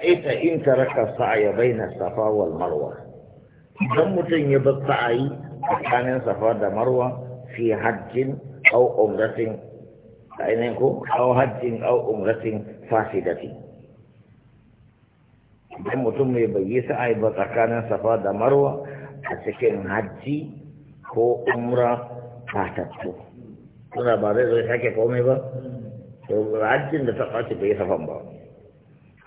ita in taraka sa'ya baina safa wal marwa idan mutum ya bar sa'ayi tsakanin safa da marwa fi hajjin aw umratin ainihin ko aw hajjin aw umratin fasidati idan mutum mai bayyi sa'ayi ba tsakanin safa da marwa a cikin hajji ko umra fatattu suna ba zai zo sake komai ba to hajjin da ta ɓaci bai safan ba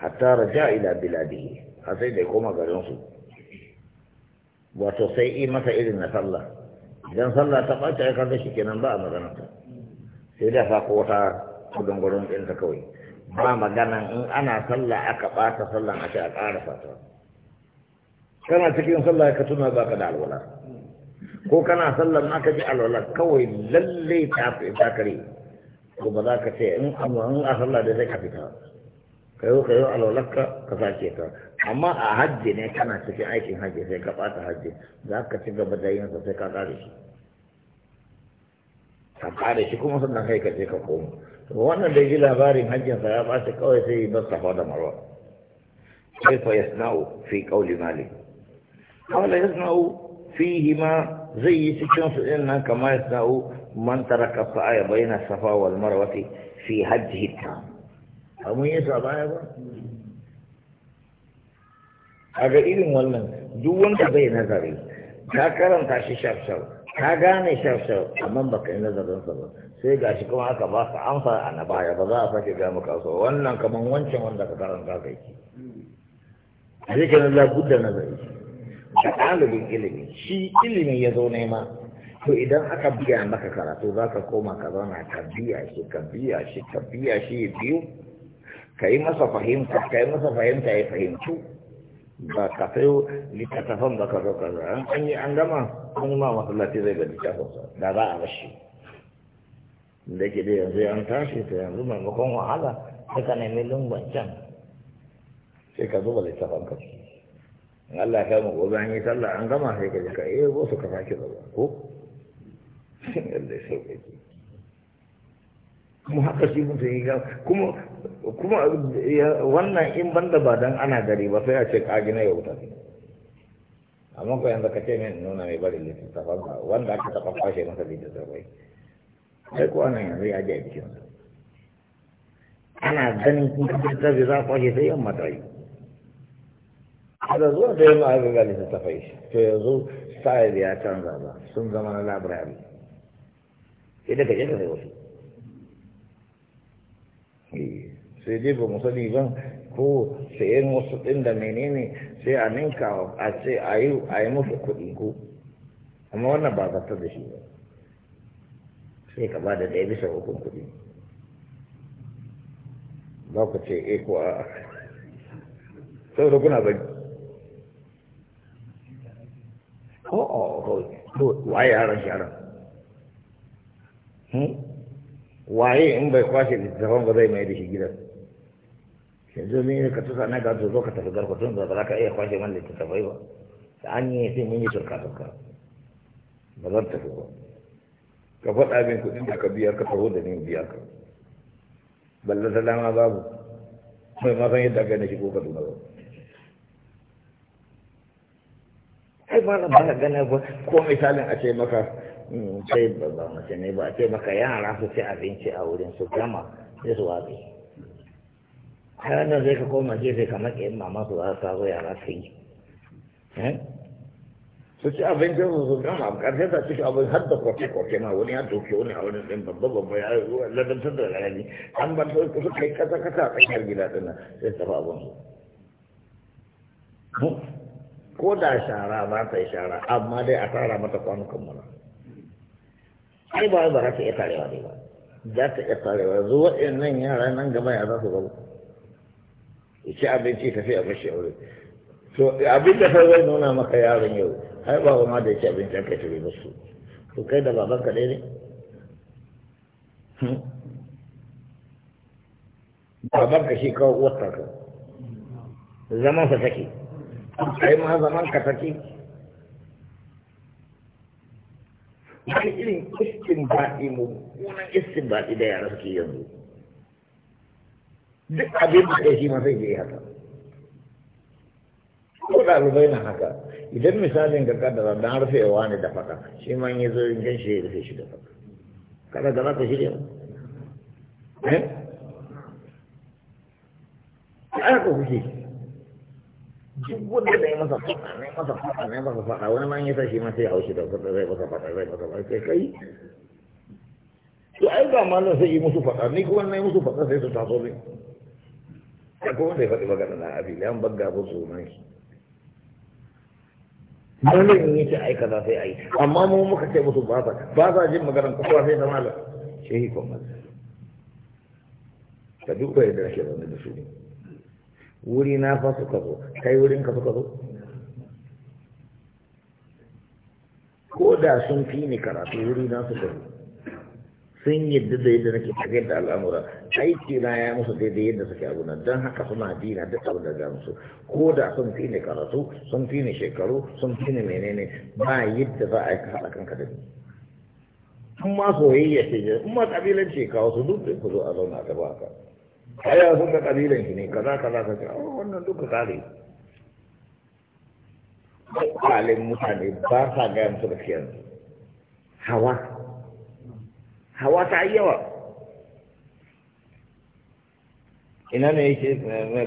hatta raja ila biladihi har sai da ya koma garinsu wato sai yi masa irin na sallah idan sallah ta ɓace ya kaga shi kenan ba a maganarta sai da fa ko ta gudun gudun ɗinta kawai ba magana in ana sallah aka ɓata sallah a ce a ƙara fata kana cikin sallah ka tuna ba ka da alwala ko kana sallar naka ji alwala kawai lalle ta fi kare ko ba za ka ce in a sallah da zai ka fita ka yi ka yi alwalarka ka sake ta amma a hajji ne kana cikin aikin hajji sai ka ɓata hajji za ka ci gaba da yin sa sai ka ƙare shi ka ƙare shi kuma sannan kai ka je ka koma wannan da ji labarin hajjinsa ya ba shi kawai sai yi bar safa da marwa sai fa yasna'u fi qawli malik qala yasna'u fihi ma zai yi cikin su din nan kamar yasna'u man taraka sa'a bayna safa wal marwa fi hajjihi tam ba mun yi sa baya ba a ga irin wannan duk wanda bai nazari ka karanta shi shafshaf ka gane shafshaf amma amma ka yi nazarin ba sai ga shi kuma aka ba ka amsa a na baya ba za a sake ga maka so wannan kaman wancan wanda ka karanta kai sai kan nazar gudda nazari da ɗalibin ilimi shi ilimin ya zo nema to idan aka biya maka karatu za ka koma ka zauna ka biya shi ka biya shi ka biya shi biyu ka yi masa fahimta ka yi masa fahimta ya fahimci. ba ka sayo littattafan ba ka zo ka zo an yi an gama an ma masallaci zai ga littattafansa da za a bashi da ke da yanzu an tashi ta yanzu maimakon wahala sai ka nemi lungon can sai ka zuba littafan ka in Allah ya kama gobe an yi sallah an gama sai ka je ka iya bo su ka sake zaba ko Allah ya sauƙaƙe kuma haka shi mutum ya kuma kuma wannan in banda ba dan ana gari ba sai a ce ka gina ya wuta amma ko yanzu ka ce min nuna mai bari littattafan ka wanda aka taɓa kwashe masa littattafai sai ko nan yanzu ya je bikin ana ganin kun littattafi za a kwashe sai yamma ta yi da zuwa da yamma aka ga littattafai to yanzu style ya canza ba sun zama na library sai daga je ka sai wasu Eh, sai dai ba mu sani ba ko sayan wasu ɗin da menene sai a ninka a ce a yi musu kuɗi ko amma wannan ba ka da shi ba sai ka ba da ɗaya bisa hukun kuɗi ba ku ce e ko a da kuna bari ko o oh, ko oh, oh, waye yaran yaran hmm? waye in bai kwashe littafin ba zai mai da shi gidan yanzu ne ka tusa na gato zo ka tafi garkwatun da ba za ka iya kwashe man littattafai ba da an yi sai mun yi turka turka ba zan tafi ba ka faɗa min kuɗin da ka biya ka taho da ni biya ka balla salama babu mai ma san yadda aka na shigo kaduna ba ai ba na ba ka gane ba ko misalin a ce maka Mm, sai ba mace ne ba ce maka yara su ci abinci a wurin su gama sai su wabe har nan zai ka koma gefe kamar ƙin mama su za su zo yara su yi eh? su ci abincin su su gama ƙarshen ta cikin abin har da kwafe-kwafe ma wani ya doke wani a wani ɗin babba babba ya ladantar da rarrabi an ban su su kai kasa-kasa a tsakiyar gida ɗin nan sai su tafi abin hmm? ko da shara ba ta yi shara amma dai a tara mata kwanukan mana ai ba ba za ta iya tarewa ne ba za ta iya tarewa yanzu waɗannan yara nan gaba ya za su zama ci abinci tafi a bashi aure to abin da kai zai nuna maka yaron yau ai ba ma da ya ci abinci aka tafi ba su to kai da baban ka ne hmm? baban ka shi kawo uwar ka zaman sa take kai ma zaman ka take har irin istinbadi mummunan istinbadi da yara suke yanzu duk abin da shi ma zai yi haka ko da ɗalibai na haka idan misalin ga kaddara don rufewa ne da faka shi ma yi zo yin gan shi ya rufe shi da faka kada da za ka shirya ba eh ai ka kuke duk wanda da ya masa faɗa ne masa faɗa ne masa faɗa wani man ya shi ma haushi da faɗa zai masa faɗa zai masa faɗa sai kai to ai ba malam sai yi musu faɗa ni kuma na musu faɗa sai su taso ne da kuma sai faɗi magana na abi yan bagga ba su nan shi dole in yace ai sai ai amma mu muka ce musu ba ba ba jin maganar kowa sai da malam shehi ko malam ka duba yadda ake zaune da su ne wuri na fa suka zo kai wurin ka suka zo ko da sun fi ni karatu wuri na suka zo sun yadda da yadda nake tafiyar da al'amura aiki na ya musu daidai yadda suke abu nan don haka suna dina duk abin da ga musu ko da sun fi ni karatu sun fi ni shekaru sun fi ni menene ba yadda za a yi haɗa kanka da ni in soyayya ce ne kuma kabilanci kawo su duk da ku zo a zauna a gaba ka kaya sun ga kabilan shi ne kaza kaza ka ce wannan duka tsari kwalin mutane ba sa gaya musu gaskiyar hawa hawa ta yi yawa ina ne yake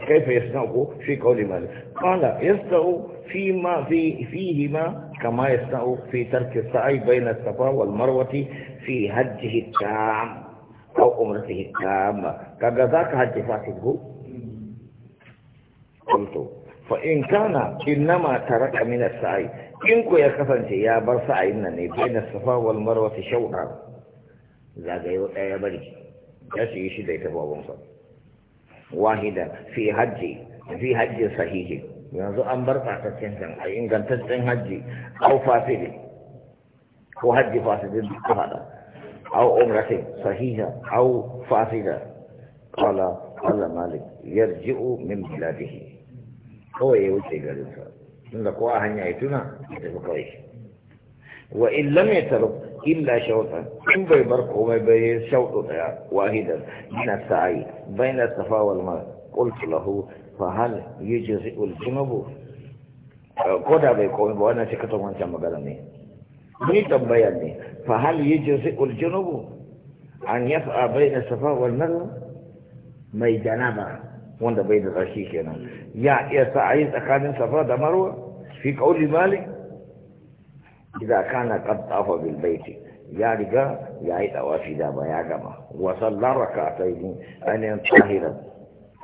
kaifa ya suna ko fi kauli malik kala ya sa'o fi ma fi fihi ma kama ya sa'o fi tarki sa'i bayna safa wal marwati fi hajjihi tam umur tamma kaga zaka hajji fasid bu. kuntu fa in kana innama taraka min as-sa'i in ya kasance ya bar sa'in nan ne baina safa wal marwa shaw'a zagayo daya bari ya shi shi da ita babun sa wahida fi hajji fi haji sahihi yanzu an bar tsakakken kan a ingantaccen hajji au fasidi ko hajji fasidi da fada أو عمرة صحيحة أو فاسدة قال قال مالك يرجع من بلاده هو يوجه قريبا نقوى هنيا يتنا يتفقوي وإن لم يترك إلا شوطا إن بيبرق وما بيشوط واحدا من السعي بين الصفا والماء قلت له فهل يجزئ الجنوب ko da bai komai ba wannan sai ka san wancan magana فهل يجزئ الجنوب أن يسعى بين الصفا والمروة ما يجنبها وانت بين الغشيش هنا يا سعيد أكان صفا مروة في قول مالك إذا كان قد طاف بالبيت يا رجال يا عيد أوافي دابا يا جماعة وصلى ركعتين أن قال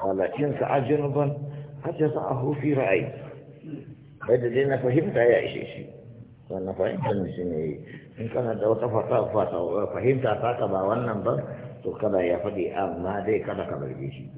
ولكن سعى جنوبا يسعه في رأيه بدل فهمت يا إشيشي wannan fahimtar shi ne in kana da wata fahimta ta ka ba wannan ba to kada ya faɗi amma ah, dai kada ka barge shi